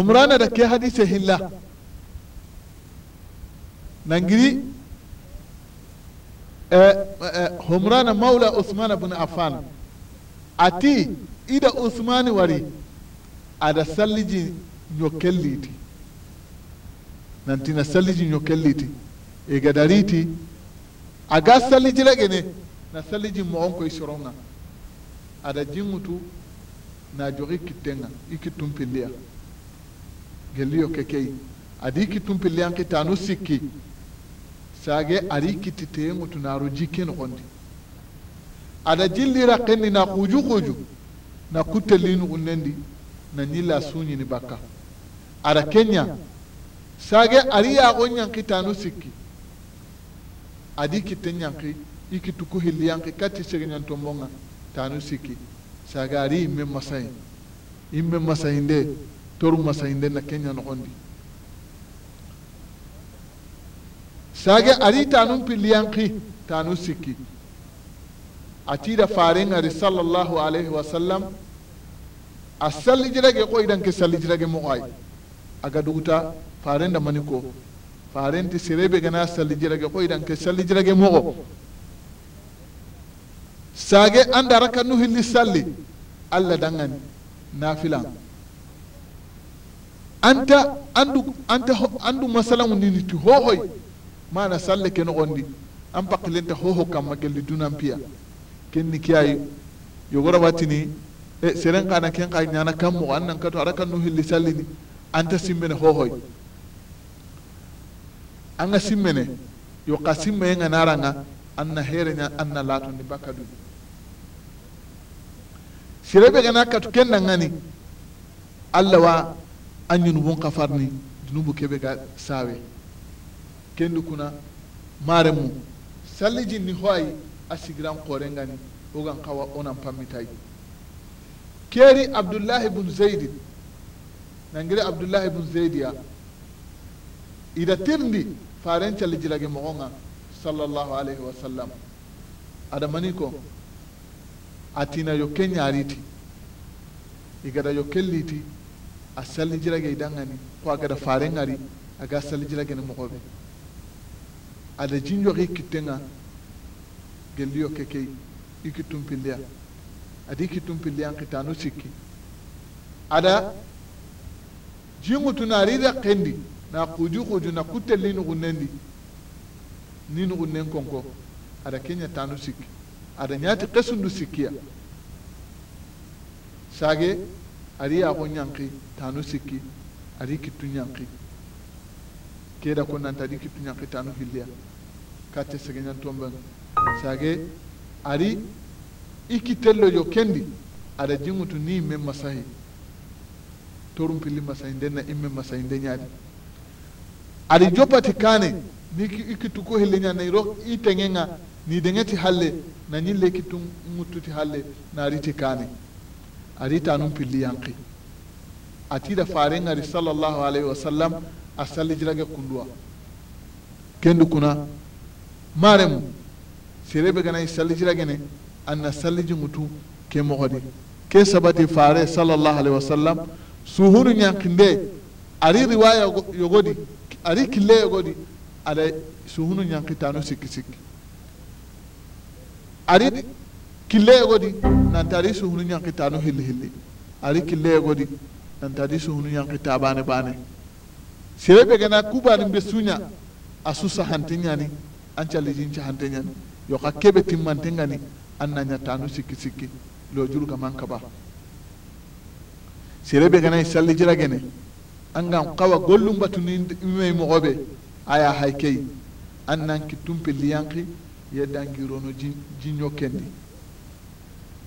umrana da ke hadise hilla nangiri eh, eh, humrana maula usman bun affan ati ida usmani wari ada salliji ñokkelliti nantina salliji ñokkelliti e gadariti aga salliji lagene na salliji mo on koye soronga ada jinŋutu na jogi kittenga i kittumpindiya gelliyo keke adi kittum pilliyanki tanu sikki sage ari kitti teyenŋutu naru jikke ada jilli rakkenni na kuju kuju na kuttelli nugunnendi na ñilla suñini bakka ada kenya sage ari yago ñanki tanu sikki adi kitte ñanki i kittu ku hilliyanki katti segeñantombonga tanu sikki sage ari imme masayi imme masayinde toru masayinden na kenya nogondi sage ari tanun pilliyanki tanu sikki atida faren ari sallallahu alaihi wasallam a salijirage ko idan ke salijirage mo ay aga duguta faren da mani ko faren ti serebe gana salijirage ko idan ke salijirage mo sage anda raka nu hilli salli alla dangan nafilan anta andu anta andu masalan ni ti hohoy mana salle ken ondi an lenta hoho makel gelli dunam pia ken ni yo gora watini e seren kana ken kay nyana mo annan kato araka no hilli sallini anta simmene hohoy anga simmene yo ka me nga naranga anna here nya anna latu ni bakadu sirebe gana katu ken ngani Allah wa anñunu won ka farni dunubu keɓe ga sawe kendu kuna maremu mum ni jinni ho ayi a sigiran koorengani ogan kawa onan pammitay keeri abdoullahi bun zeydi nangiri abdoullahi bun zeydi a ida tirndi faren calli jirage mogon ga sallllahu alayhi wa sallam adamani ko atina yo ke ñaariti igada yo kelliti a salli jirage idangani ko agada faren ari aga salli jiragene mogoɓe ada jinjoxi kittenga gelliyo ke key i kittum ada adi kittum pilleyan kitanu sikki ada jinŋutuna arida kendi na kuju kuju na kuttelli nuxunnendi ni nuxunnen konko ada kenya tanu sikki ada ñati kesundu sikkiya sage ari ya yaxu ñanki tanu sikki ari kittu ñanki ke da ko nanta ari kittu ñanki tanu hilliya katte segeñantonben sage ari iki kittello yo kendi aɗa jingutu ni imme masahi torum pilli masahinde na imme masahinde ñaadi ari joppati kane ni i kittu ko hilleña nayi ro i teŋenga ni deŋeti halle na ñille kittu ŋuttuti halle ti kane ari aritanum pilli yanki atida farengari sallallahu alaihi wa sallam a sallijirage kunduwa kendu kuna maremu serebe ganayi sallijiragene anna sallijingutu ke mogodi ke sabati fare sallallahu alayhi wa sallam yankin ñankinde ari riwaya yogodi ari kille yogodi ada suhunu ñankitanu sikki sikki ari killeyegodi nantadi suhunu ñankitanu hilli hilli ari killeyegodi nantadi suhunu ñankita bane bane serebe gana kubanin be suña a su sahante ñani an callijin cahante ñani yo xa keɓe timmante ngani an na ñattanu sikki sikki lojuru kaman kaba be gana salli jira gene an gan xawa gollum batuni imey moxoɓe aya hay key an nan kittum pelliyanki yeddangirono jiño kendi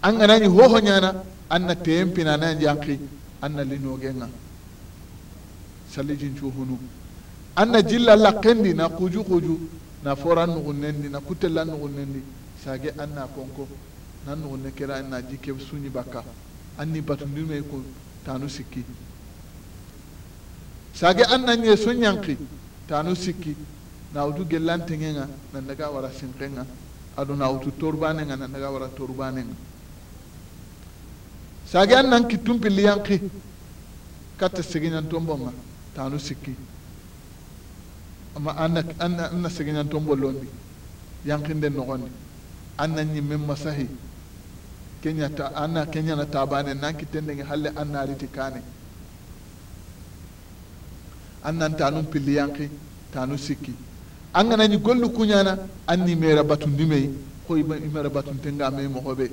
an nani hoho nyana an na tempi na nani janki an na linogenga sallijincu hunu an na jilla kendi na kuju kuju na nugu nendi na nugu nendi sage an na konko na nugu kera an na jike suñi baka an ni batundinume ko tanu siki sage an na nye so ñanki tanu sikki nawutu gellanteŋe ŋa na daga wara sinke ŋa ado nawutu torubane ŋa na daga wara torubane ŋa sage an nan kittum pilli yanki katta sigiñantombonga tanu sikki amma anna anna sigiñantombo lombi yankinde nogondi an na ñimmen masahi keñata anna keñana tabane nan kittendenge halle an na naariti kane an nan tanum pilli yanki tanu sikki an ganañi gollu kuñana an ni mera batundi meyi ko imera batuntenga mei mogoɓe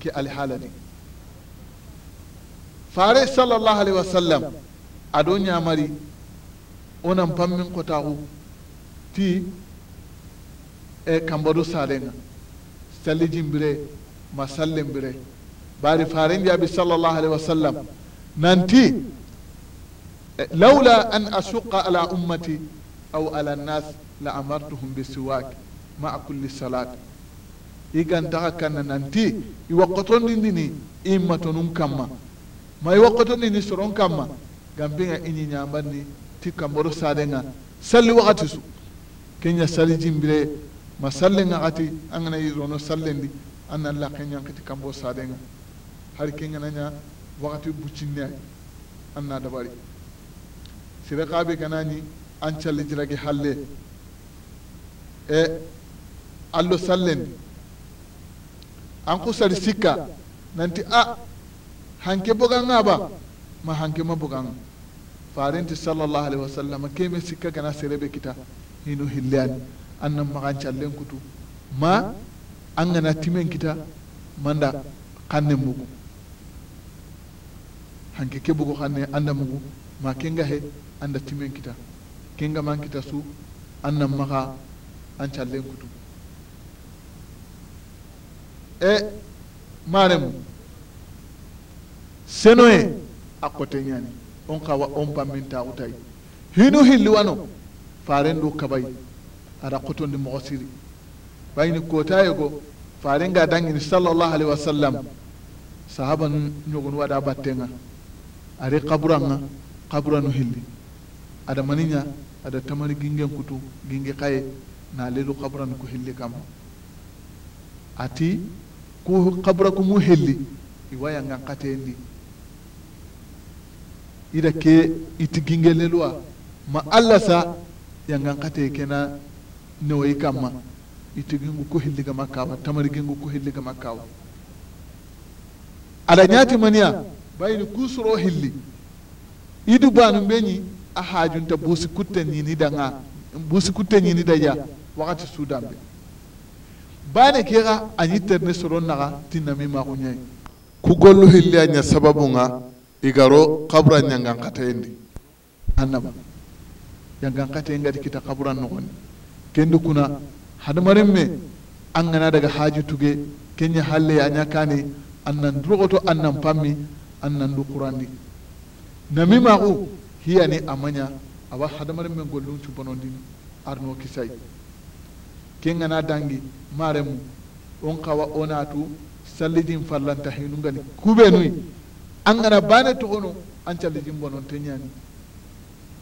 ke halani. fare sallallahu alaihi wasallam aɗo ñamari onan fammin kotaku ti e kambadu salenga salli jimbire ma sallin bire bari faren jaabi sallallahu alaihi wasallam nanti e, laula an asuqa ala ummati aw ala nnas la amartuhum bisiwak maa kulli salat i gantaxa kanna nanti i waqqotondindini immatonun kamma mai wakkatu ni ni soron kamma gambinga ini nyamba ñamanni ti kamboro nga sali wakati su kenya sali jimbire ma sali nga ati angana yi yirono sali ndi nan la kenya kenñankiti kambo nga hari kenya nanya wakati buccinne ay an dabari sire xaabe ganani an calli jirage halle e allo sali ndi anku sali sika nanti a hanke nga ba ma hanke ma farin farenti sallallahu alaihi wasallam me sikka gana serebe kita hinu hillan annan magan callen kutu ma an gana timen kita manda kannen mugu hanke ke bugu kanne anda mugu ma kenga he anda timen kita kenga man kita su annan maga an callen kutu e maremu senoye a kote ñani on kawa on pammintaxutayi hinu hilliwano faren du kabayi aɗa qotondi moxo siri bayini kootayego farenga dangini sallallahu alaihi wasallam sahaba nu ñogon waɗa battenga ari kaburanga kabura nu hilli aɗa maniña aɗa tamani gingen kutu gingi xaye na ledu kabura nu ku hilli kamma ati ku kabura ku mu hilli iwayangan xateendi ke iti gingelelwa ma alla sa yangan kate kena newoyi kama iti gingu ku hilligama kawa tamari gingu ku hilligama kawa ala ñaati maniya bayini kusuro hilli idu banu benyi a ta busi kutte da nga busi kutte ñini daja wakati sudanɓe bane kega añi terne soron naxa tinnami maxu ñayi ku gollu hilli a sababu nga igaro kabura ñangankateyendi annaba ñangankateyen gadi kita kaburan nogondi kendi kuna hadamaren me an gana daga haji tuge kenya halle ya ñakani annan durogoto annan pammi annan du qurandi nami maxu hiyani amanya awa hadamaren men gollun cubanondini arno kisai ken gana dangi maremu on kawa onatu sallidin fallanta hinungani nui an gana bane togono an callijin bononte ñani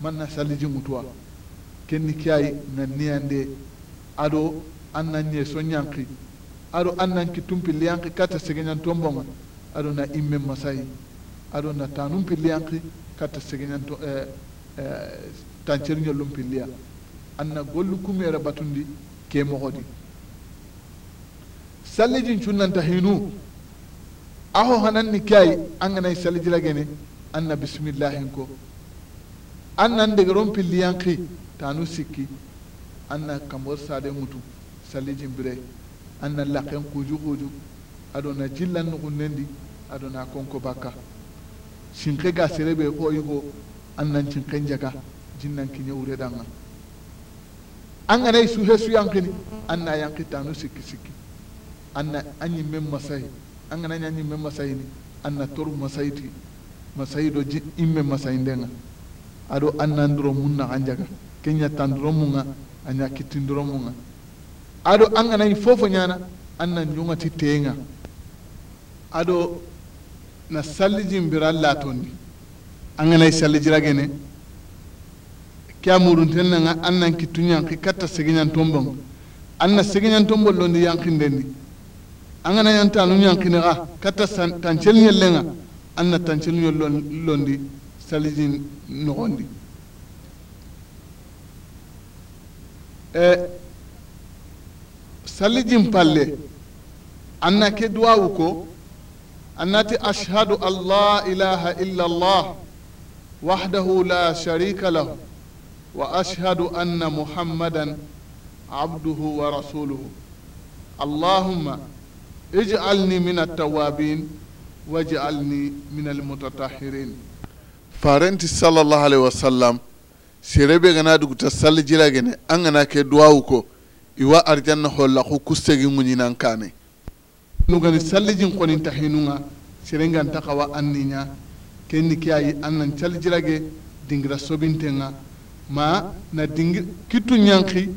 man na sallijin ŋutuwa kenni kiyayi nanniyande ado an ne ñe soñanki ado an nan ki tumpi tumpilliyanki katta segeñan tombonga ado na imme masayi ado na tanum pilliyanki katta segeñan to eh, eh, tanceriñollum liya an na gollu kumere batundi ke moxodi sallijin cunnanta hinu aho hanan ni kai an ganay salijila gene anna bismillah ko annan daga ron pilliyan ki tanu sikki anna kamor sade mutu sali jimbre anna laqen kuju kuju adona jillan nendi adona konko bakka sinke ga serebe ko yugo annan cinken jaga jinnan kinye wure danga an ganay su hesu yankini anna yanki tanu sikki sikki anna anyi men masai an gana ña ñimme masayini an na toru masayiti masayi do ji imme masayinden a aɗo an nandiro mun na an jaga ke tan tandiro mun ga a ña kittindiro mun a aɗo an ganayi fofo ñana an na jungati tee ga aɗo na sallijin bira laton latondi an ganayi sallijiragene ke a murunten nga an nan kittu ñanki katta segiñanton tombon an na tombon segiñanton bollon di yankindendi an gana yan tanu yan kinaga kata tancel nyellenga an na tancel nyol londi salijin nogondi e, salijin palle an na ke duwawu ko annati ashhadu an la ilaha illa allah wahdahu la sharika lahu wa ashhadu anna muhammadan abduhu wa rasuluhu allahuma. ij'alni min at-tawabin waj'alni min al-mutatahhirin farenti sallallahu alaihi wasallam serebe gana duguta sali salli jiragene an gana ke duwawu ko iwa arjanna holla ku kustegi ŋuñinan kane nugani sallijin konin tahinunga serenganta kawa anniña kenni ke ayi an nan calli jirage dingira sobintenga ma na dingi kittu ñanki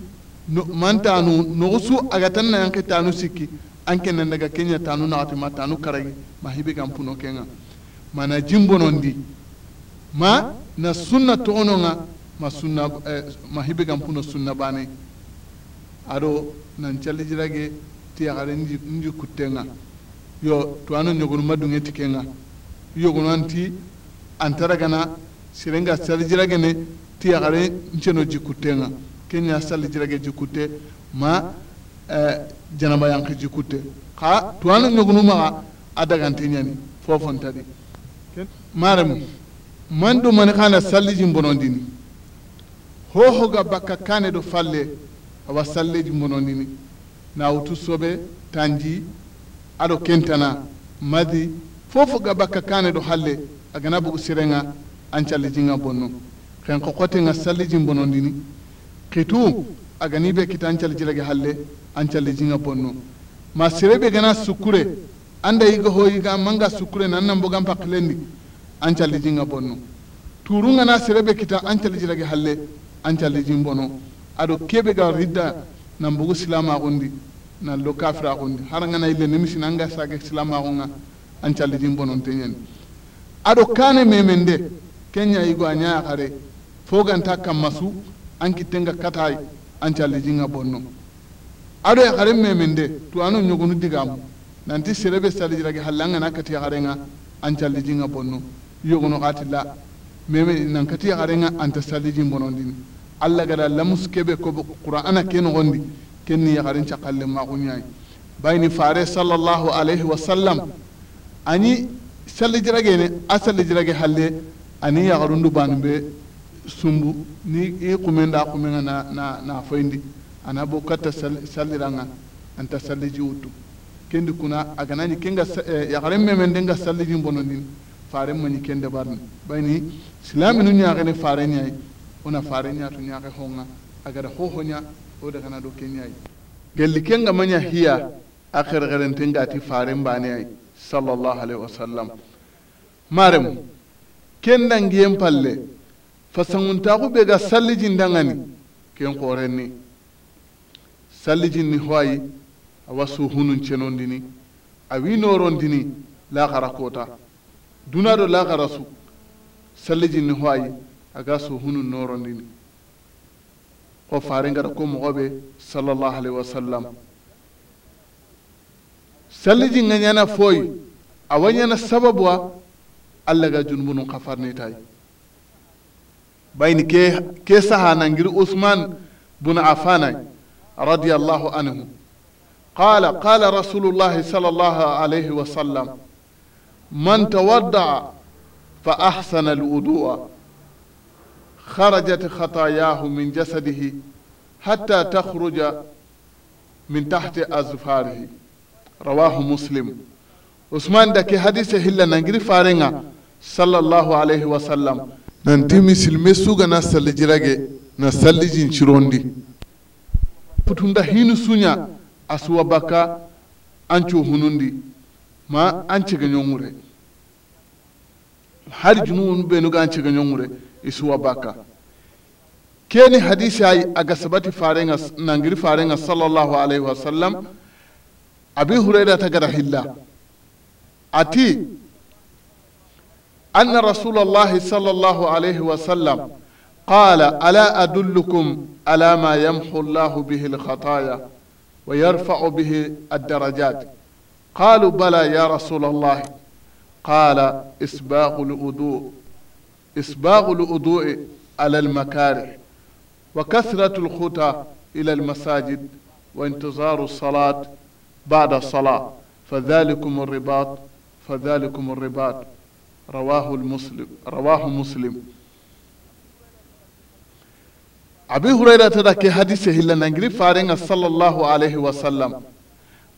no, mantanu noxusu agatan na yanki tanu sikki An kene daga kenya tanu naxati ma tanu karagi ma hibe gan puno kenga mana jimbonondi ma na sunna toxononga ma sunna eh, ma hibe gan puno sunna bane ado nan callijirage tiyaxare nji kuttenga yo tuwano ñogonu madunge ti kenga yogonu anti antara gana sirenga salijirage ne tiyaxare nceno jikuttenga kenya jirage jikute ma eh, janaba yanki jikutte xa tuwanu ŋegunu maxa a dagante ñani fofontadi maremu man do mani xana salliji bonondini hohoga bakka kane do falle awa salleji bonondini na wutu sobe tanji aɗo kentana madi fofo ga bakka kane do halle agana bugu sirenga an callijinga bonno xen qoqotenga salliji bonondini xitu agani be kita an ancal jilage halle ancal jinga bonno ma serebe gana sukure anda yiga ho yiga manga sukure nan nan bogan pakilendi an ancal jinga bonno turu ngana serebe kita ancal jilage halle cal jin bonno ado kebe ga ridda nan bugu silama gondi na lo kafira gondi har ngana ile nimisi nanga sage silama an cal jin bonno tenyen ado kane memende kenya yigo anya kare foganta kamasu an kitenga katai anti jinga bonno ado ya xaren memende tu ano ñogonu digamu nanti serebe salijirage na kati an anti jinga bonno yogonu xatilla meme nan kati yaxarenga anta salijin bonondini alla gada lamus kebe ko qur'ana ke noxondi ken ni yaxaren caqalle maxuñayi bayni fare sallallahu alayhi wa sallam ani ne a salijirage halle ani yaxarundu banumbe sumbu ni i kumenda kumenga na, na, na foyindi ana bo katta salliranga anta salliji wuttu kendi kuna ni kenga eh, yakaren memen denga sallijin bonondini faren mañi kende barni bayni silaminu ñaxene fare ñayi ona fare ñatu ñaxe honga ho hohoña o na do ke ñayi gelli kenga manya hiya a xerxerentengati faren mbane ay sallallahu alaihi wasallam marem kendangiyen palle fa sanguntaku be ga sallijin dangani ken korenni sallijinni hoayi awa suhunun cenondini awi norondini lakara kota duna do lakara su sallijin ni hoyi aga suhunun norondini ko farengata ko mogoɓe sallallahu alaihi wasallam sallijin ga ñana foyi awa ñana sababu a allah ga junubunun بين ke ke saha nangiri بن عفان رضي الله عنه قال قال رسول الله صلى الله عليه وسلم من تودع فأحسن الوضوء خرجت خطاياه من جسده حتى تخرج من تحت أزفاره رواه مسلم عثمان دكي حديث هلا نجري فارنغا صلى الله عليه وسلم nanti misilme sugana sallijirage na sallijin cirondi putunda hinu suɲa a suwa bakka an cohunundi ma an cege wure hari junuwunu benu ga an cege ɲonŋure i suwa bakka keni hadisi ayi aga sabati farenga nangiri farenga sallallahu alaihi wasallam abi ta gada hilla ati أن رسول الله صلى الله عليه وسلم قال ألا أدلكم على ما يمحو الله به الخطايا ويرفع به الدرجات قالوا بلى يا رسول الله قال إسباغ الوضوء إسباغ الوضوء على المكاره وكثرة الخطى إلى المساجد وانتظار الصلاة بعد الصلاة فذلكم الرباط فذلكم الرباط rawahu muslim rawahu muslim abi hurayra ta dake hadise hilla nangiri farenga sallallahu alaihi wa wasallam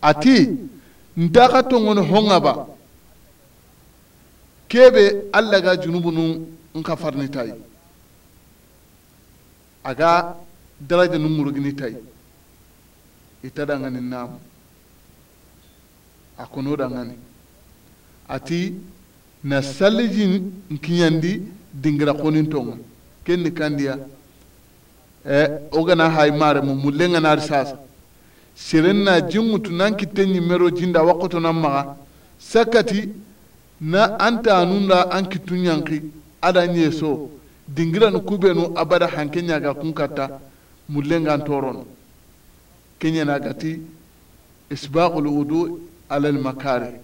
ati ntaka tongoni hongaba kebe allah ga junubu nu nka farnitayi aga daraja nu tai ita dangani namu a kono dangani ati na salliji nkiñandi dingira konin tonga kendi kandiya eh, ogana hay mare mu mullenganari sasa seren na jinŋutu nan kitte mero jinda nan maga sakati na anta anunda an kittu ñanki ada ñeso dingiranu kubenu abada hanke ñaga kun katta mullengan torono keñena gati isbaqul wudu ala almakari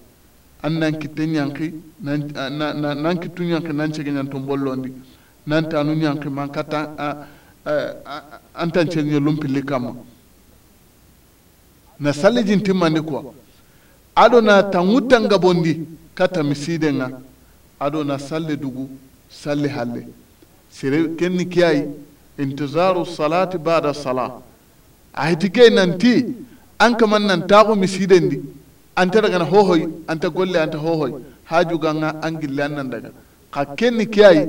an nan kitte ñanki nan kitu ñanki nan cege ñanto bollondi nan tanu ñanki man katta an tance ñe lumpilli kamma na salli jintimmandi quoi aɗo na ah, ah, tanguttanga bondi katta miside nga aɗo na salli dugu salli halle sere kenni kiyayi intizaru salati bada sala ahiti ke nanti an kaman nan taxu misidendi anta daga na hohoy anta golle anta hohoy haju ganga an gille annan daga ka kenni kiyayi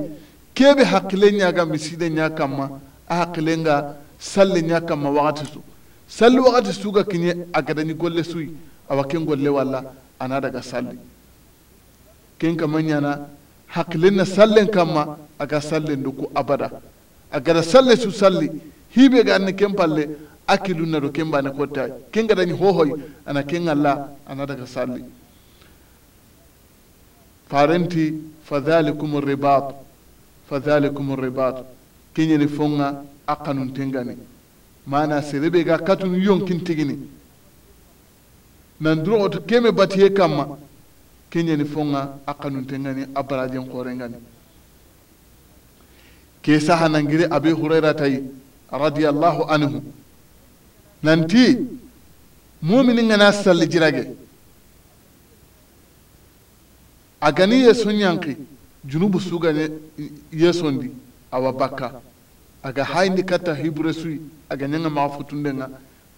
kebe hakile ñaga miside ña kama a hakile nga salli ña kama wakati su salli wakati ga kiñe a gadani golle a awa ken golle wala ana daga salli ken kama ñana hakile na ma a aga salli duku abada a gada su salli hibe ga anni ken palle akilu na do ken bane kotta ken gadani hohoy ana ken la ana daga salli farenti fadhalikum ribat fadhalikum ribat ni fonga akanun tengani mana serebe ga katun yonkin tigini nan duro oto keme batiye kamma ni fonga akanun tengani abarajen korengani ke saha sahanangiri abi yi radiyallahu anhu nanti mumini ngana salli jirage a gani ye ñanki junubu suga yesondi awa bakka aga hayndi katta hibre suyi aga ñanga maxa futunde nga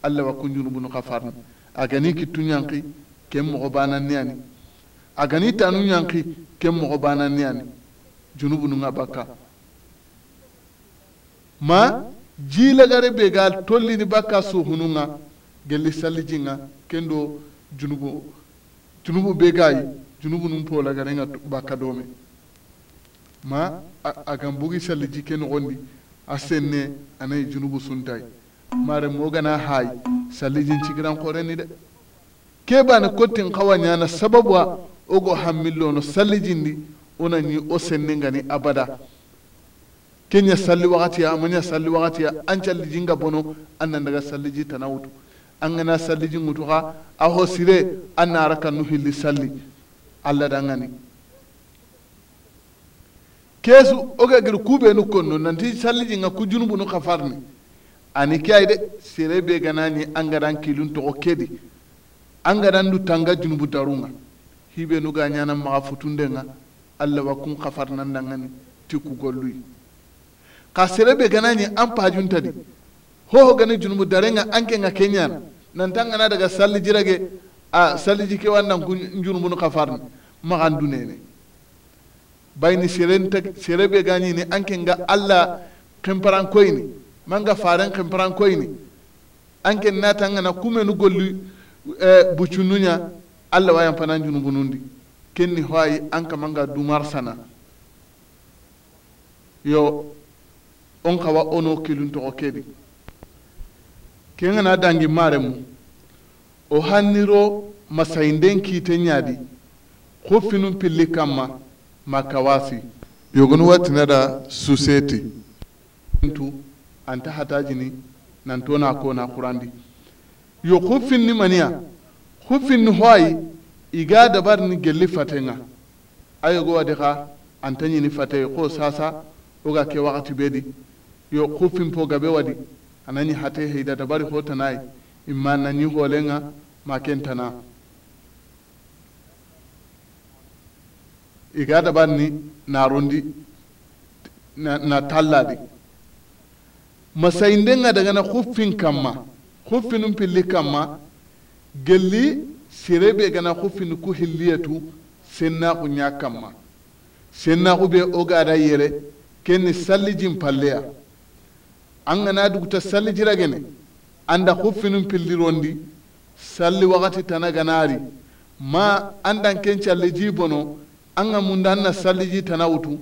allah wa kun junubu nu xa farni a gani kittu ñanki ken moxo bananni ani a gani tanu ñanki ken moxo bananni ani junubu nu nga bakka ma jilagare be ga tollini bakka su hununga gelli sallijinga kendo junubu junubu be yi junubu num polagarenga bakka dome ma agan bugi salliji ke gondi a senne anayi junubu suntayi mare mogana hayi sallijin kore koreni de ke bana kottin kawa na sababu a ogo hammillono sallijindi onani o senne ngani abada kenya salli wakati ya amanya salli wakati ya an calli jinga bono an nan daga salli ji tana wutu an gana salli ji wutu ha a ho sire an na raka nu salli allah dan gani kesu oga gir kube nu konno nanti salli jinga ku junubu nu kafarni ani ke ayde sire be ganani an garan kilun to kedi an garan du tanga junubu darunga hibe nu ga nyana ma nga allah wa kun kafarnan dan gani tiku golluyi ha serebe ni an ho ho gani junubu darenga anke nga kenya tanga na daga salli jirage a salli jike wannan junubu nu kafarni magan dunene bayni serenta serebe gani ni anke nga alla kemparan koyni manga faran kemparan koyni anke na na tanga kume kumenu golli e eh, bucunnunya alla wayan panan junubu nundi kenni hoyi an kamanga dumar sana yo on kawa ono kilun toxo kedi ke ngana dangi maremu o hanniro masayinden kiite ñaadi ho finun pilli kamma ma kawasi yogonu watinada suseti tu anta hatajini nanto na ko na qurandi yo ho finni maniya ho finni hoayi iga dabar ni gelli fatenga ayogo wadi xa anta ni fate ko sasa oga ke wakati bedi yo kuppinpoga ɓe waɗi a nani hate heydata bari fo tanayi imma nani hoolenga ma kentana iga daɓan ni rundi na, na tallaɗi masayindenga dagana kama kamma kuffinum kama kamma gelli bai gana kufin ku hilliyatu sennaku ña kamma sennaku ɓe ogada yere kenni sallijin palleya an gana duguta salli jiragene anda huffinum pillirondi salli wakati tana ganari ma andan dan calli ji bono an ga munda an na salli ji tana wutu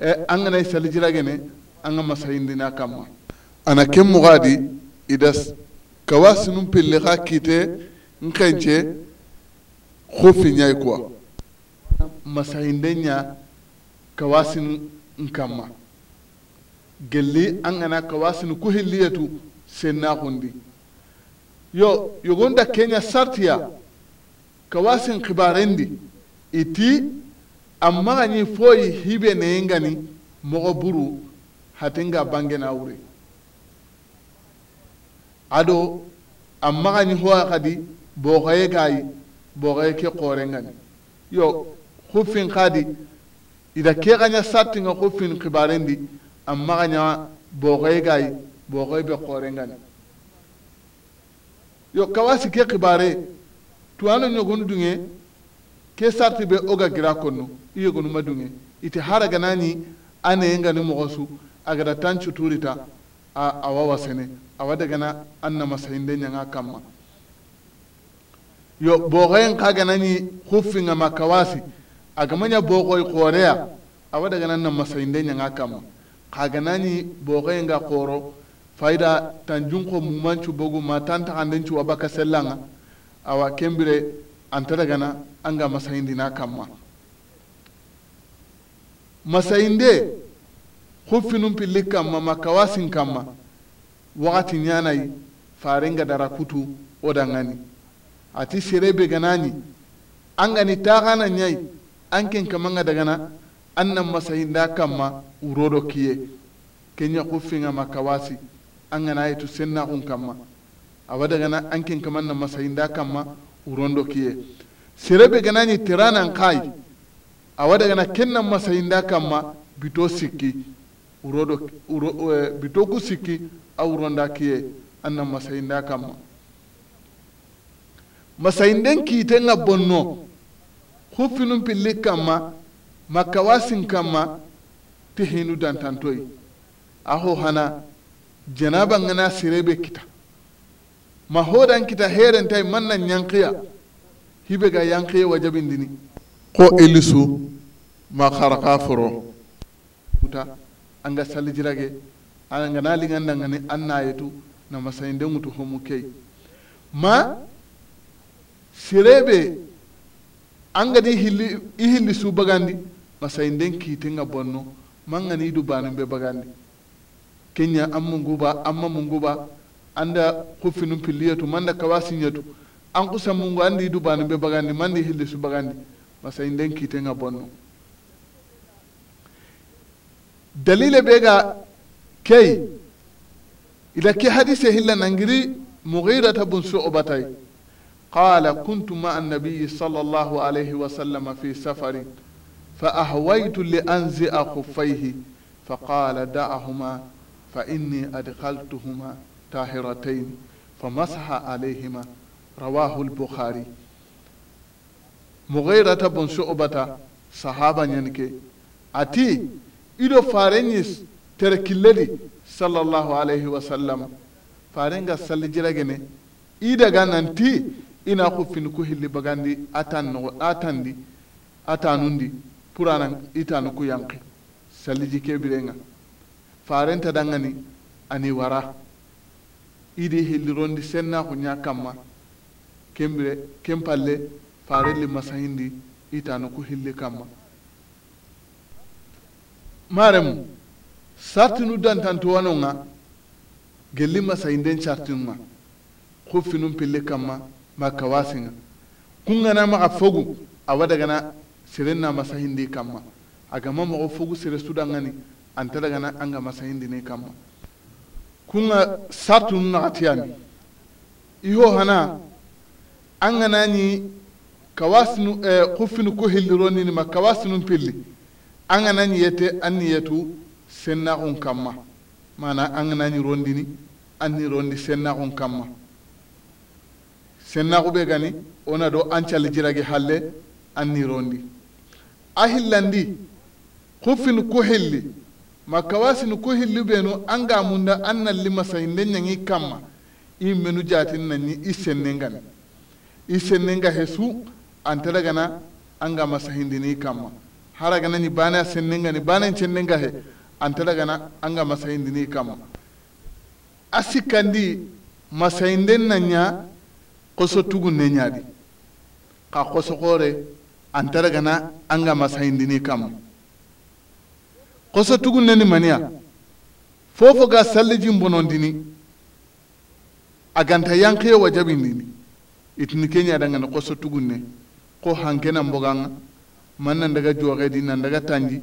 eh, an gana salli jiragene an ga masayindina kamma ana ken mugadi idas kawa sinum pilli ha kite nkence huffi ñayi kuwa masayinde ña kawa sin nkamma gelli an gana kawasini ku hilliyatu senna hundi yo yogonda kenya sartiya kawasin kibarendi iti amma gani foyi hibe neyengani mogo buru hatinga wuri ado amma gani howa kadi bogaye gayi bogaye ke korengani yo ida ke ganya sartinga amma ga nya bogai gai bogai be korengan yo si ke kibare tuwano ɲɔgɔn dunge ke sarti be oga gira konno i yogonuma dunge ite hara ganani ane ngani mɔgɔ su agada tan turita a awa a awa dagana an na masayinde ñanga kamma yo bogoyen ka ganani huffinga ma kawasi agamaña ya a awa dagana an na masayinde ñanga kama. kaganani bogen ga koro faida tanjun ko mumancu bogu ma tan taxanden cuwa baka sellanga awa kembire anta dagana an ga masayindina kamma masayinde huffinum pilli kamma ma kawasin kamma wakati ñanayi farenga dara kutu wo dangani ati gana ganani an gani taxana ñayi an ken kamanga dagana an nan masahinda kamma wurodo kiye kenya ku fingama kawasi an gana yitu senna kun kamma awa dagana an kin kaman nan masahinda kamma wurondo kiye serebe ganani tiranan kai a awa dagana kennan masahinda kamma bito sikki wurodo wuro, eh, bito ku siki a wuronda kiye an nan masahinda kamma masahinden kiiten ga bonno ku finun pilli ma. makka wasin kamma ti hinu dantantoyi aho hana janaba ngana sirebe kita ma hodan kita herentai manna ñankiya hibe ga yankiye wajabindini ko ilisu ma haraka foro uta anga salijirage anga naliŋanda ngani an na masaindenŋutu homu kei ma sirebe angadi hilli i hilli subagandi Masa masayinden kiitinga bonno mangani idu banin be bagandi kenya an munguba an ma munguba anda kufinun man manda kawasinyatu an kusa mungu andi idu banin be bagandi mandi hillisu bagandi masayinden kiitenga bonno dalile be ga kei ila ke hadise hilla nangiri mughirata bun su'batay qala kuntu ma'a an-nabiyyi sallallahu alayhi wa sallam fi فأهويت لأنزع خفيه فقال دعهما فإني أدخلتهما طاهرتين فمسح عليهما رواه البخاري مغيرة بن شعبة صحابة ينكي أتي إلو فارنيس ترك الذي صلى الله عليه وسلم فارنغا صلى jiragene i daga nanti ina ku fini ku hilli bagandi atan atandi purana itanu ku yanki saliji ke kebirenga farenta dangani ani wara idi hillirondi senna ku ɲa kamma kembire kempalle farelli masahindi itanu ku hilli kamma maremu sartinu dantantuwanonga gelli masayinden sartinunga ku finun pilli kamma ma kawasinga kungana maga fogu awa dagana sere na masahindi kamma agama mogo fogu sere sudangani anta dagana anga masahindini kamma na satun naxatiyani iho hana an ganani kawasinu eh, kufinu ku hilironinima kawasinun pilli an ni yete an ni yetu niyetu sennaxun kamma mana an ni rondini an ni rondi sennaxun kamma sennaxu be gani wona do an cali jirage halle an ni rondi ahillandi kufin kuhilli makawasin kuhilli benu an da an nalli masayinde ñangi kama i menu jatin nanni i sennengani i sennenga hesu antadagana an ga masahindini gana ni bana sennengani banan cennenga he antadagana an ga masahindini kamma a sikkandi masayinden na ña koso tugunne di ka koso kore. antara gana anga ga masayindini kam kosa tugun neni mania fofo ga sallijin bonondini aganta ganta yankiye itini kenya dangana kosa tugun ne ko hankenan mboganga man nan daga joxedi nan daga tanji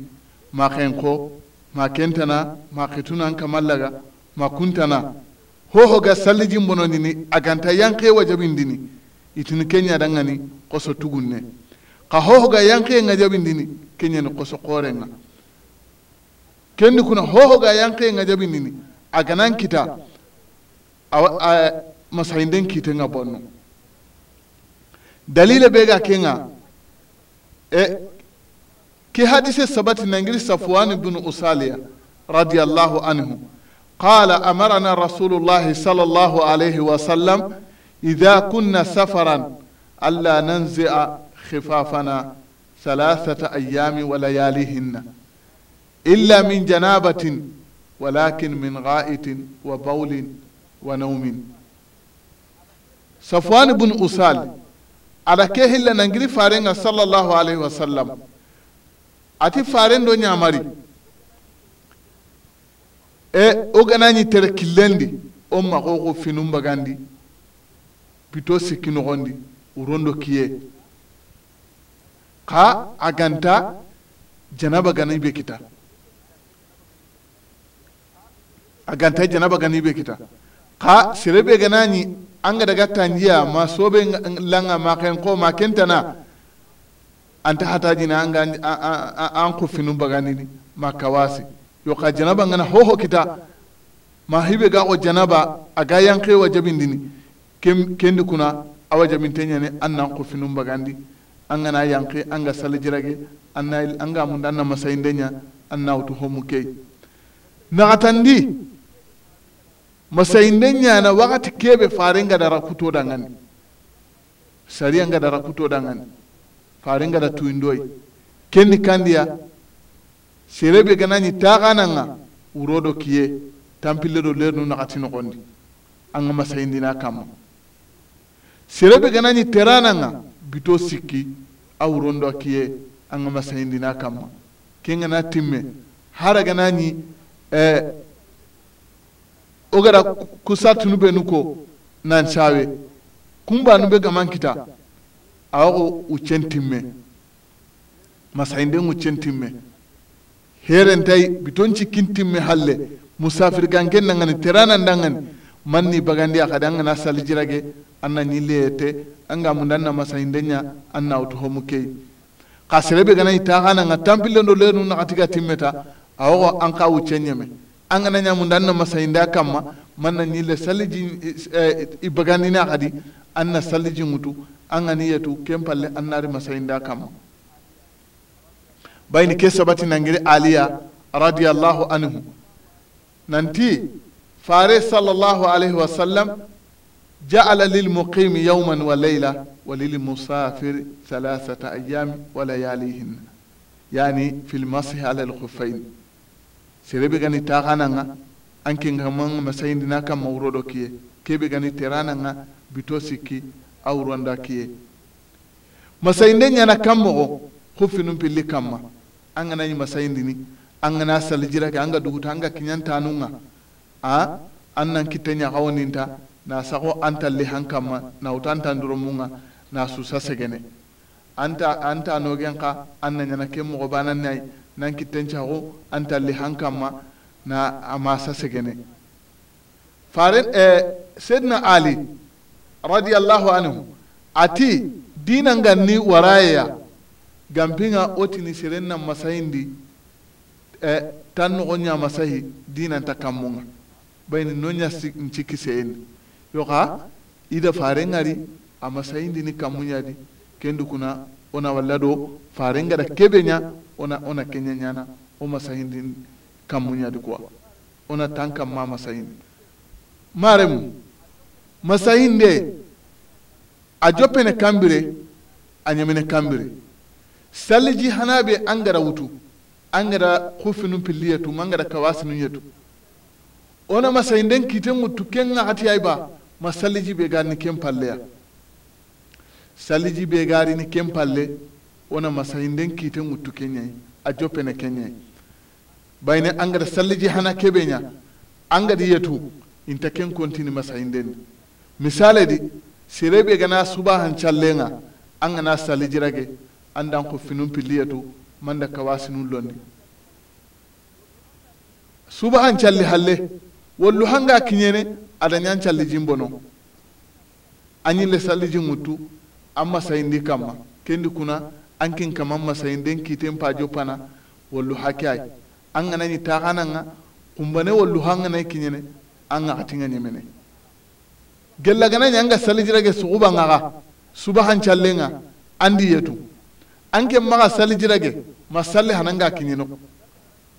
ma xen ko ma kentana ma xitunan kamallaga ma kuntana hoho ga sallijin bonondini a ganta yankiye wa jabindini itini kenya dangani kosa tugun ne xa hohoga yankenga jabindini keñeni qoso qorenga kendi kuna hohoga yankenga jabindini a ganan kita a masayinden kitenga bonno dalila bega kenga e ke hadise sabati nangiri safwan bnu usaliya radiallahu anhu qala amarana rasulullahi sal llahu alayhi wa sallam ida kunna safaran alla nanzia خفافنا ثلاثة أيام ولياليهن إلا من جنابة ولكن من غائط وبول ونوم صفوان بن أسال على كهل ننجري فارن صلى الله عليه وسلم أتي فارن دو نعمري e o ganagni tere killendi o maxoxo finun bagandi pito sikki noxondi urondo kiye a ganta janaba gani be kita ganta janaba gani be kita ka gana ni an ga daga tanjiya ma so bai langa ma kan ko ma kentana anta hataji na an an ku finu bagani ma kawasi yo ka janaba ngana hoho kita ma hibe ga o janaba ga yankewa dini kendi kuna awa jabintenya ne an nan ku finu bagandi an gana yanki an ga sali jirage an ga mun na masayin danya an na wutu homu kei naxatandi masayinden ñana wakati keɓe faren gadara kutodangani sariya gadara kutodangani faren gada tuyindoyi kenni kandiya serebe ganañi taxananga wurodo kiye tampile do lernu naxati noxondi an ga masayindina kamma serebe ganañi nga. bito sikki a wuron do kiye an ga masayindina kamma ken gana timme hara ganani eh, o gara kusatunu benu ko nan sawe kumbanu be gaman kita awago uccen timme masayinden uccen timme herentay biton cikkin timme halle musafir ganken nangani teranandangani manni bagandi a akadi an gana salijirage anna leete anga munda anna masayinde ña anna wutu homu kei xa serebe gana ita xana nga tampille do lenu naxatiga a awoxo an xa wucce ñeme an gana ñamunda anna masayinde a kamma manna ñille saliji eh, i bagandina xadi anna saliji mutu an gani yetu ken palle annari masayinde a kama. bayni ke sabati nangiri aliya radiyallahu anhu nanti fare sallallahu alaihi wasallam ja'ala lil muqim yawman wa layla wa lil musafir thalathata ayyam wa layalihin yani fil masih ala al khuffain serebe gani taxananga an kengamanga masayindina kamma wuroɗo kiye kebe gani terananga bito sikki awuranda kiye masayinde ñana kammoxo hufinum pilli kamma an ganañi masayindini an gana salijirake an ga duguta an ga an nan na sago an talli hankanma nautan tan ka na su an ta an ta nogen ka an na ñana ke mogo banan nay nan kitten cago an talli ma na ma segene faren eh, sedna ali radiyallahu anhu ati dinan ganni waraya gampinga ni siren nan masayindi eh, tan nogo ña masahi dinan ta kammunga bayni no ña nci in. da yoka ida farengari ama sayindini yadi kendu kuna ona walla do kebe nya ona ona keña ñana o masayindin yadi kuwa ona tan kam ma masayindi maremu masayinde a joppene kambire a ñamine kambire saliji hana be an angara wutu angara hufi num pilliyetu angara kawasi num yetu ona masayinden kiten wuttu ken ŋakati ay ba ma salliji be gaari ni ken ya salliji be gaari ni ken palle wona e masahinden kiiten ŋuttu kenñayi a joppene kenñayi bayne angada salliji hana kebe ña angadi yetu inta ken kontini masahindendi misale di be gana subahan callenga an gana salijirage an dan ko finun pilliyatu manda kawasinun londi subahan calli halle wallu hanga kiñene ada ñan calli jimbono añille salli jiŋuttu an masayindi kamma kendi kuna an kin kama masayinden kiten pajo pana wallu hake ay an gana ñi nga kumbane wallu hanganay kiñene an ŋaxatinga ñemene jirage suguba salijirage suxubanŋaxa subahan nga andi yetu an ken maxa salijirage ma salli hananga kinyeno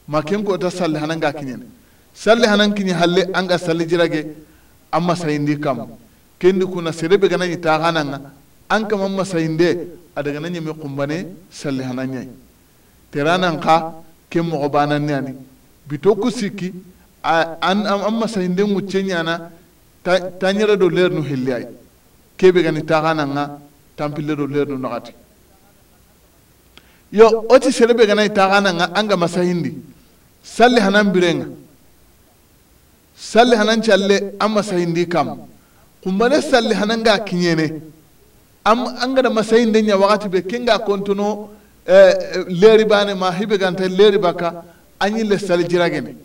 ma ken kota salli hananga kiñene salli hanan kini halle an ga salli jirage an masayindi kam kendi kuna serebe gana ni ta hanan an kama masayinde a daga nan yami kumbane salli hanan yai teranan ka ke mɔgɔ banan ne ani bito ku siki an an masayinde mu ɲana ta ɲere do ler nu hilli ai kebe gani ta hananga tampile do ler nu nagati yo oti serebe gana ta hanan an ga masayindi salli hanan birenga salli hanan challe an di kam kumbane salli hanan ga kinye ne an gada masahindi nya wakati be kin ga kontuno eh, eh, leri ne ma hibe ganta leri baka yi le sali jiragene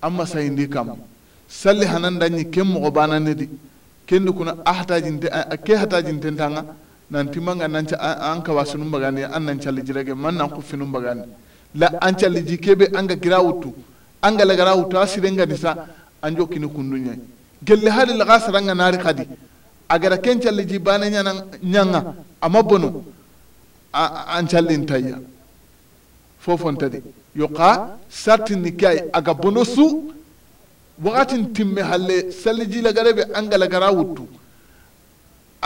an di kam salli hanan danyi ken bana ne di kendi kuna a eh, ke hatajinte tanga nanti manga nan an kawasinum bagani an nan challi jirage man nan kufinum bagani la an challi an anga girawutu anga lagarawutu ga nisa an jo kini nyai gelle hali la gasa ranga nari khadi agara ken challi bana nyana nyanga amma bono an challi ntaya fofon tadi yoqa sarti kai aga bono su wakatin timme halle saliji lagarebe anga gara wuttu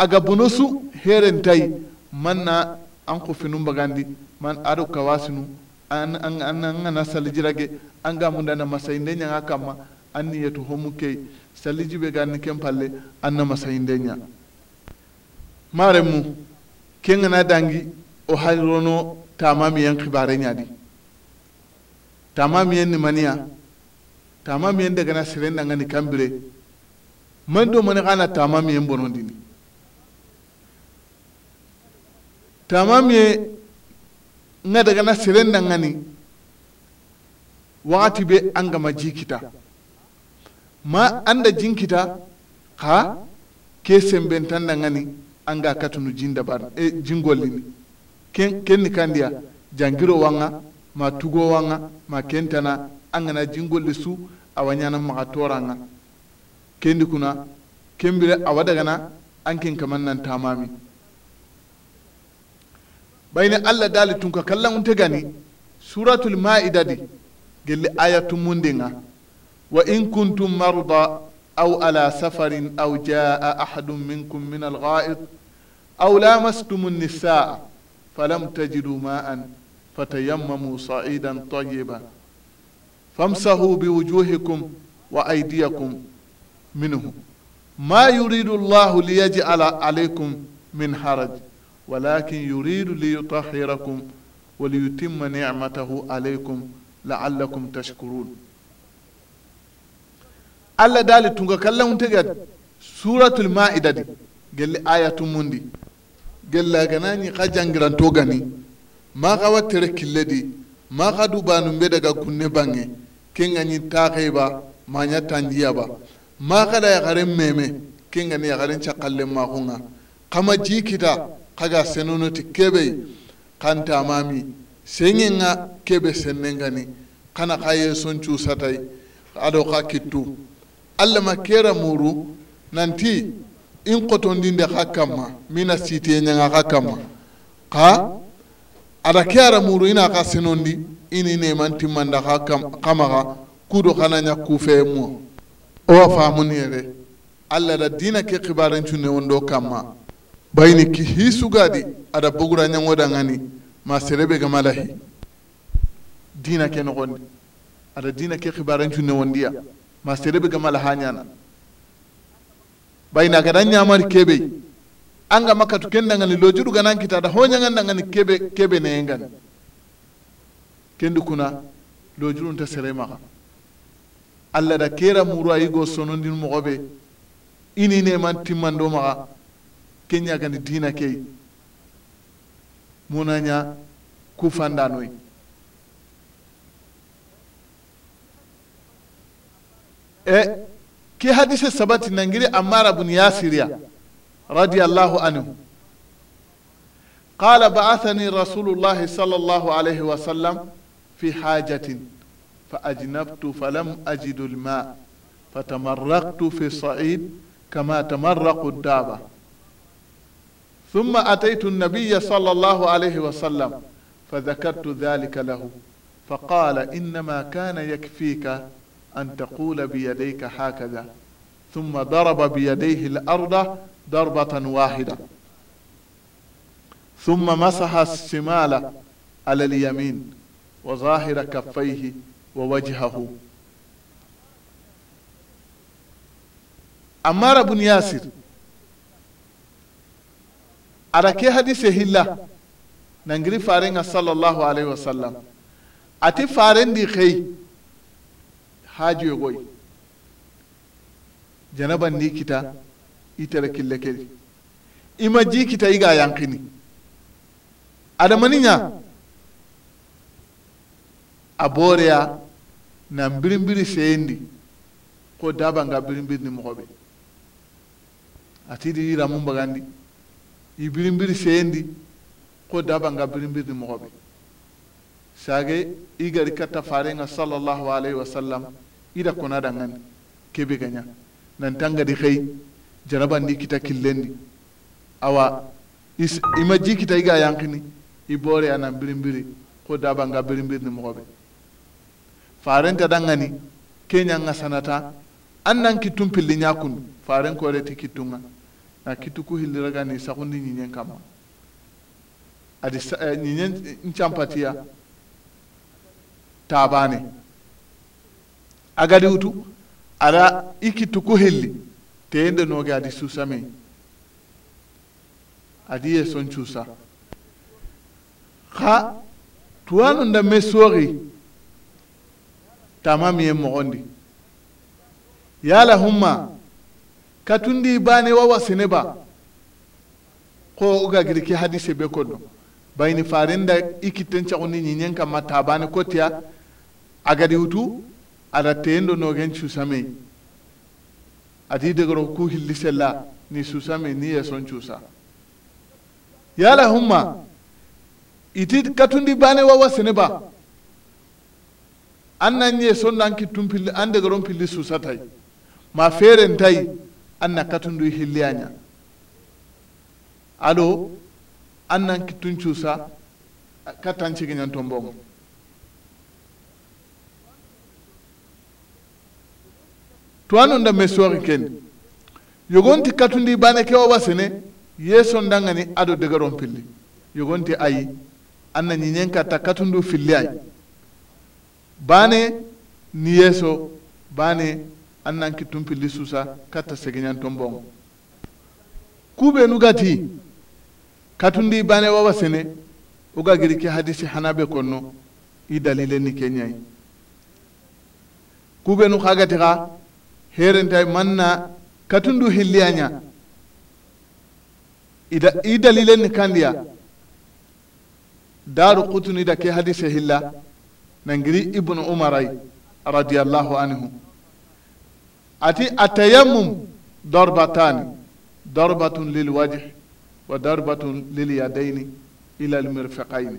aga bono su heren tayi manna an ko finum bagandi man aro kawasinu an an an an na rage an ga munda na ne nyanga kama anni yetu homu key sali jibe gani ken palle anna sayinde ña mare mu ken na dangi o halirono tamamiyen kibare ñadi tamamiyen ni maniya tamamiyen dagana serendangani kambire man do mani kana tamamiyen bonondini tamamiye nga dagana serendangani wakati be an gama ji kita ma anda jinkita ha ke sembe tanda ngani anga katunu jinda bar e jingolini ken ni kandiya jangiro wanga ma tugo wanga ma kentana angana jingolli su awanyana ma toranga kendi kuna kembire awadagana anken kaman nan tamami bayni allah dali tun ka kallan unte gani suratul ma'ida di gelle aya mundinga nga وإن كنتم مرضى أو على سفر أو جاء أحد منكم من الغائط أو لامستم النساء فلم تجدوا ماء فتيمموا صعيدا طيبا فامسحوا بوجوهكم وأيديكم منه ما يريد الله ليجعل عليكم من حرج ولكن يريد ليطهركم وليتم نعمته عليكم لعلكم تشكرون allah dali tunga kallan tega suratul ma'ida di gelle ayatu mundi gella ganani ka jangiran to gani ma ka wattere kille di ma ka dubanu be daga kunne bange kenga ni kai ba ma nya tanjiya ba ma ka da yakare meme kenga ni yakare chakalle ma kunga kama jikita kaga senono ti kebe kanta mami sengenga kebe gani kana ka sun cusa satai ado ka kittu Alla ma kera muru nanti in kotondinde ha kamma mina siteñaga ha kamma ka ada ke ara muru ina ka sinondi ini neman timmanda ha kamaga kudo hananya kufe mu owa famuni yere allah da dina ke kibarencunne wondo kamma bayni ki hisugadi ada bogura ñagodangani ma serebe ga malahi dina ke nogondi ada dina ke kibarencunne wondiya masiribi ga malhañana bayna gadan ñamari keɓey anga makka to da lojuɗu ganan kitaɗa hoñagandangani keɓe keɓe neyengani kendi kuna lojuɗum ta sere maka allah da kera muru a yigo sonondin moxoɓe ini neman timmando maxa ke ñagani dina key munaña kufandanoyi e ki hadise sabati nangiri ammara bun رضي الله anhu قال بعثني رسول الله صلى الله عليه وسلم في حاجة فأجنبت فلم أجد الماء فتمرقت في الصعيد كما تمرق الدابة ثم أتيت النبي صلى الله عليه وسلم فذكرت ذلك له فقال إنما كان يكفيك أن تقول بيديك هكذا ثم ضرب بيديه الأرض ضربة واحدة ثم مسح الشمال على اليمين وظاهر كفيه ووجهه عمار بن ياسر arake hadise hilla nangiri farenga sallallahu alaihi wasallam ati farendi xey goyi janaban ni kita i tere kille kedi ima ji kita i ga yankini adamaniya a booreya nan birimbiri seyendi ko dabanga birimbirni mogoɓe atiidi yira mum bagandi i birimbiri seendi ko dabanga birimbirni mogoɓe sage i gari katta farenga sallallahu alayhi wa sallam ida kona dangani kebe ganya nan tangadi xey jarabandi kita killendi awa ima ji kita iga yankini i bore anan birimbiri ko daban dabanga birimbirini faren ta dangani kenya nga sanata an nan kittun pilli ñakundu faren kore ti kittunga na kittu ku hilira hilliragani sahundi ñiñen kamma adi ñiñen eh, ncampatiya tabane agadiwtu aɗa ikkittu ko helli teyende nooge adi suusamey adi ye son cuusa xa tuwano ndamme sooxi tamami ye moxondi yala humma katundi bane wawa sene ba ko oga girki hadise be kodo bayni farenda ikitten caxundi ñiñen kamma tabane kotiya agadi utu. ada teyendo nogen cusame ati degoro ku hilli sella ni susame ni yeson cusa yala humma iti katundi bane wawa seneba an nan yeson nan kittum pilli an degoron pilli susatay ma ferentai an na katundu hilliyaña alo an nan kittun cusa kattan cigiñan tombongo twanonda mesuwaki kendi yogonti katundi bane kewa wasene yeso ndangani ado degaron pilli yogonti ayi anna ñiñen katta katundu fili ayi bane ni yeso bane annan kittun pilli susa katta segiñanton bongo kube nugati katundi bane wawa sene uga giri ke hadisi hanabe konno i dalile ni ke ñayi kube nu xagati ta manna katundu hilliyanya ida i dalilenni kandiya daru qutunu da ke hadise hilla nangiri ibnu umaray radiyallahu anhu ati atayammum darbatun lil wajh wa lil yadayni ila mirfaqayn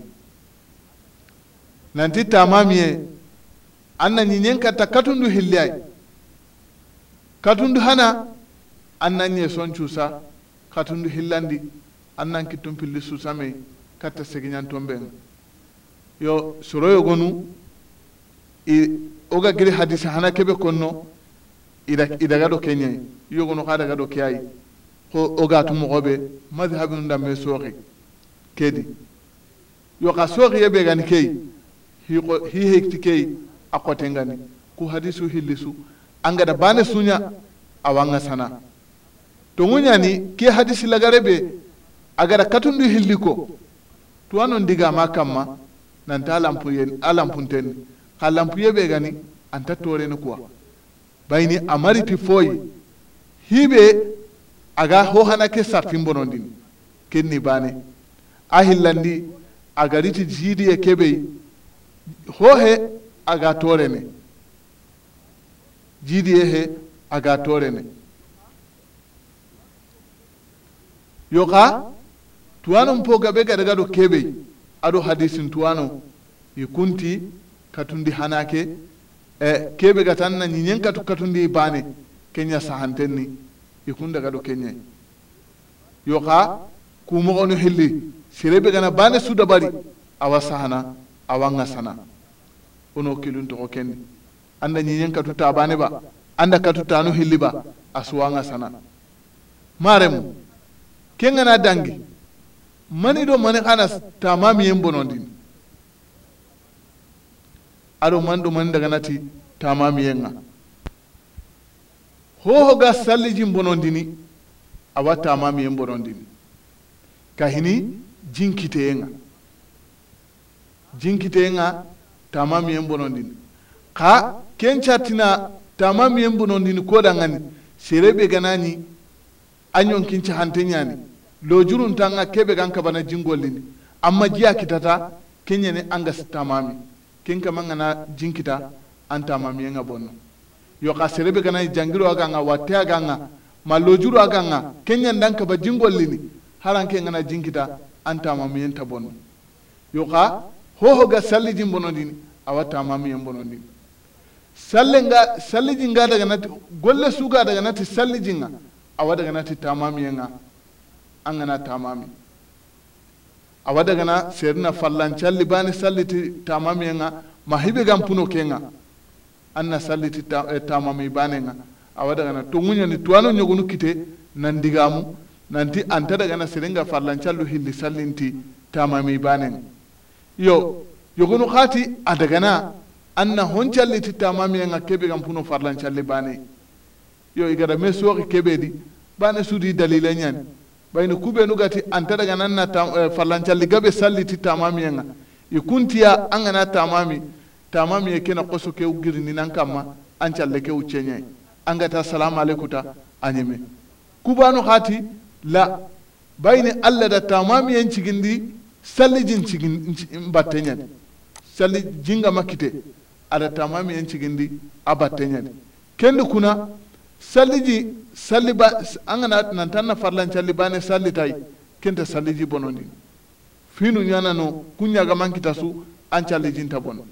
nanti tamamiye anna ñiñen katakatundu hilliyanya katundu hana annan ye son cusa katundu hillandi annan kittun pilli susame katta segiñanton ɓen yo soroyo gonu i oga giri hadisa hana keɓe konno i daga ɗo yo yogono xa daga do ke ayi ko oga tu moxoɓe madhabinu ndame sooxi kedi yo xa sooxi ye gani keyi hi heyti keyi a qotengani ku hadisu hillisu angada bane sunya awanga sana to ŋuñani ke hadisi lagare be agada katundu hilli ko tuwa non digama kamma nanta a lampunteni ha lampuye be gani anta toreni kuwa bayini a mariti foyi hibe aga hohana ke safin bonondini kenni bane a hillandi agariti jiidiye kebey hohe aga ne. jiiɗi ehe aga torene yoka yo mpo gabe po gaɓe gaɗa gaɗo keɓey hadisin tuwano i katundi hanake e kebe ga tan na ñiñen katu katundi bane kenya sahantenni ni i kunda gaɗo keñay yo ka kumoxono hilli serebe gana bane sudabari awa sahana awa ŋa sana wono kilun toxo kendi anda ñiñen katuta bane ba anda katutanu hilli ba a suwanga sana maremu ken gana dangi mani do mani xana tamamiyen bonondini ado man do mani daganati tamamiyen ga hohoga sallijin bonondini awa tamamiyen bonondini kahini jinkiteyen ga jinkiteyen ga tamamiyen bonondini xa ken catina tama miyen bonondini kodangani serebe ganani a ñonkinci hante ñani lojurun tanga kebe gan kabana jingollini amma jiya kitata kenyani anga tamami ken kama ngana jinkita an tamamiyen ga bonno yo ka serebe ganani jangiro aga nga watte aga nga ma lojuru aga nga kenyan dan kaba jingollini haranke ngana jinkita an tamamiyen ta bonno yo ka hoho ga salli jimbonondini awa tamamiyen bonondini sallinga sallijinga daga nati golle suga daga nati sallijinga awa daga nati nga an gana tamami awa daga na serina fallancalli bani salliti tamamiyenga mahibe gan puno kenga an na salliti ta, eh, tamami banenga awa daga na tonguñani tuwano nyogunu kite nan digamu nanti anta daga na serenga fallancallu hilli sallinti tamami banenga yo yogunu khati a na anna hon calli ma miyen ga kebe kan puno farlan calli bane yo igada me sooki kebe di bane sudi dalila ñani bayni kube nu gati anta daga nan na eh, farlan calli gabe salli ma miyen ga i kuntiya an mi ta tamami ye kena koso ke ni nan kamma an calle ke ucceñayi an ta salamu aleykuta a ñeme kubanu hati la bayni allah da tamami yen cigindi salli jin cigin batte ñani salli jinga makkite ada tamami en cigindi a batteñadi kendi kuna salliji salliba angana nan tan na farlan sallibane sallitayi kenta salliji bonondini finu ñanano kuñaga mankita su an callijinta bono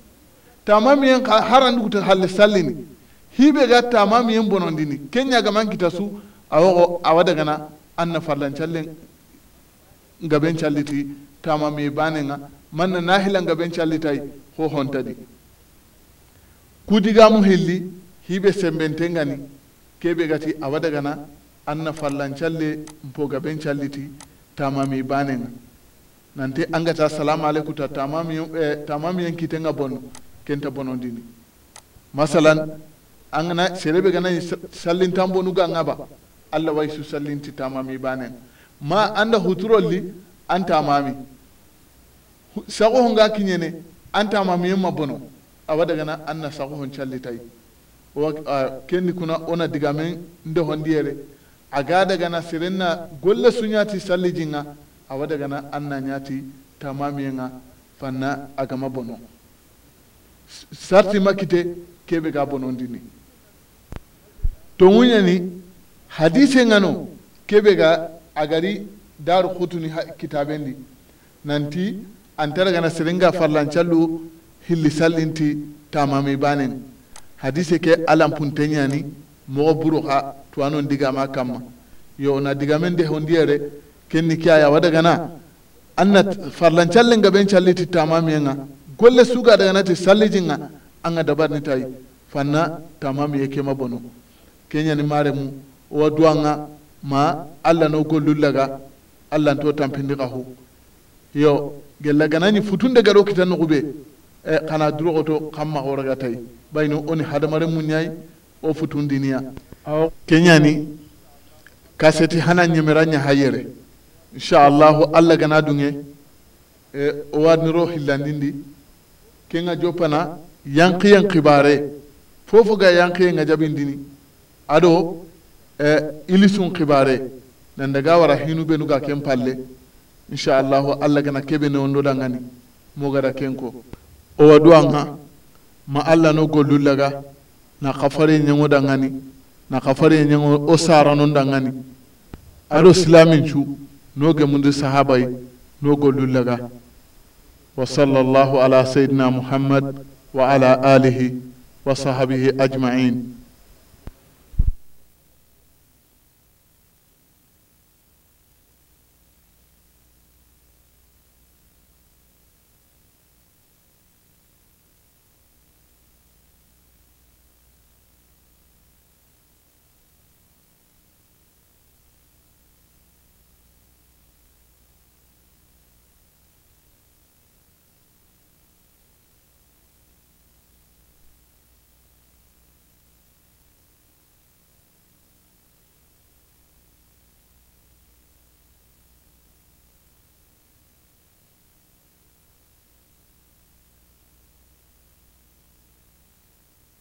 tamami en hali sali ni hibe ga tamami en bonondini kenñaga kita su a wada gana an na farlan callen ngaben calliti na banenga manna nahila ngaben ko ho hontadi kudigamu hilli hibe sembente ngani kebe gati awa dagana anna challe mpo gaben challiti tamami banen nante angata salamu aleykum ta tamami eh, tamamiyen kitenga bon kenta bonondini masalan angana serebe ganayi sallintanbonuga anga ba allah wayi su ti tamami banen ma anda huturolli an tamami sago honga kinyene an tamamiyen ma bono awa daga na an na sago hon challi tay wa kenni kuna ona diga men nde a ga daga na sirenna golle sunyati salli jinga awa daga na an na nyati tamamiyenga fanna a gama bono sarti makite kebe ga dini to ŋuɲani hadise ŋano kebe ga agari daru hutuni kitabendi nanti antara gana serenga farlancallu hilli sallinti tamami banen hadise ke alam puntenyani mo buru xa tuwanon digama kamma yo na digamen de hondiyere kenni ke ya wada gana annat farlan ben challiti tamami nga golle suga daganati sallijinga anga ni tayi fanna tamamiye kema ni mare mu owa duwanga ma allah no alla to tampindi xa hu yo gella ganañi futunde garo kitan nuxuɓe e kana durogoto kan tay bayino oni hadamaren muñayi wo futundiniya ni kaseti hana ñemera ñaha yere inchallahu allah gana dunge e o warniro hillandindi kenga joppana yankiyen kibare fofo ga yankiyenga jabindini dini. e ilisun kibare nan daga wara hinu nuga ken palle allahu allah gana ne keɓe newondoɗangani mogada kenko o wadu an ha ma allah no golu laga na kafare ñengo dangani na kafare ñengo o saranon dangani aro islamin chu no gemundi sahabai no golu laga wa sallallahu ala Sayyidina muhammad wa ala alihi wa sahbihi ajmain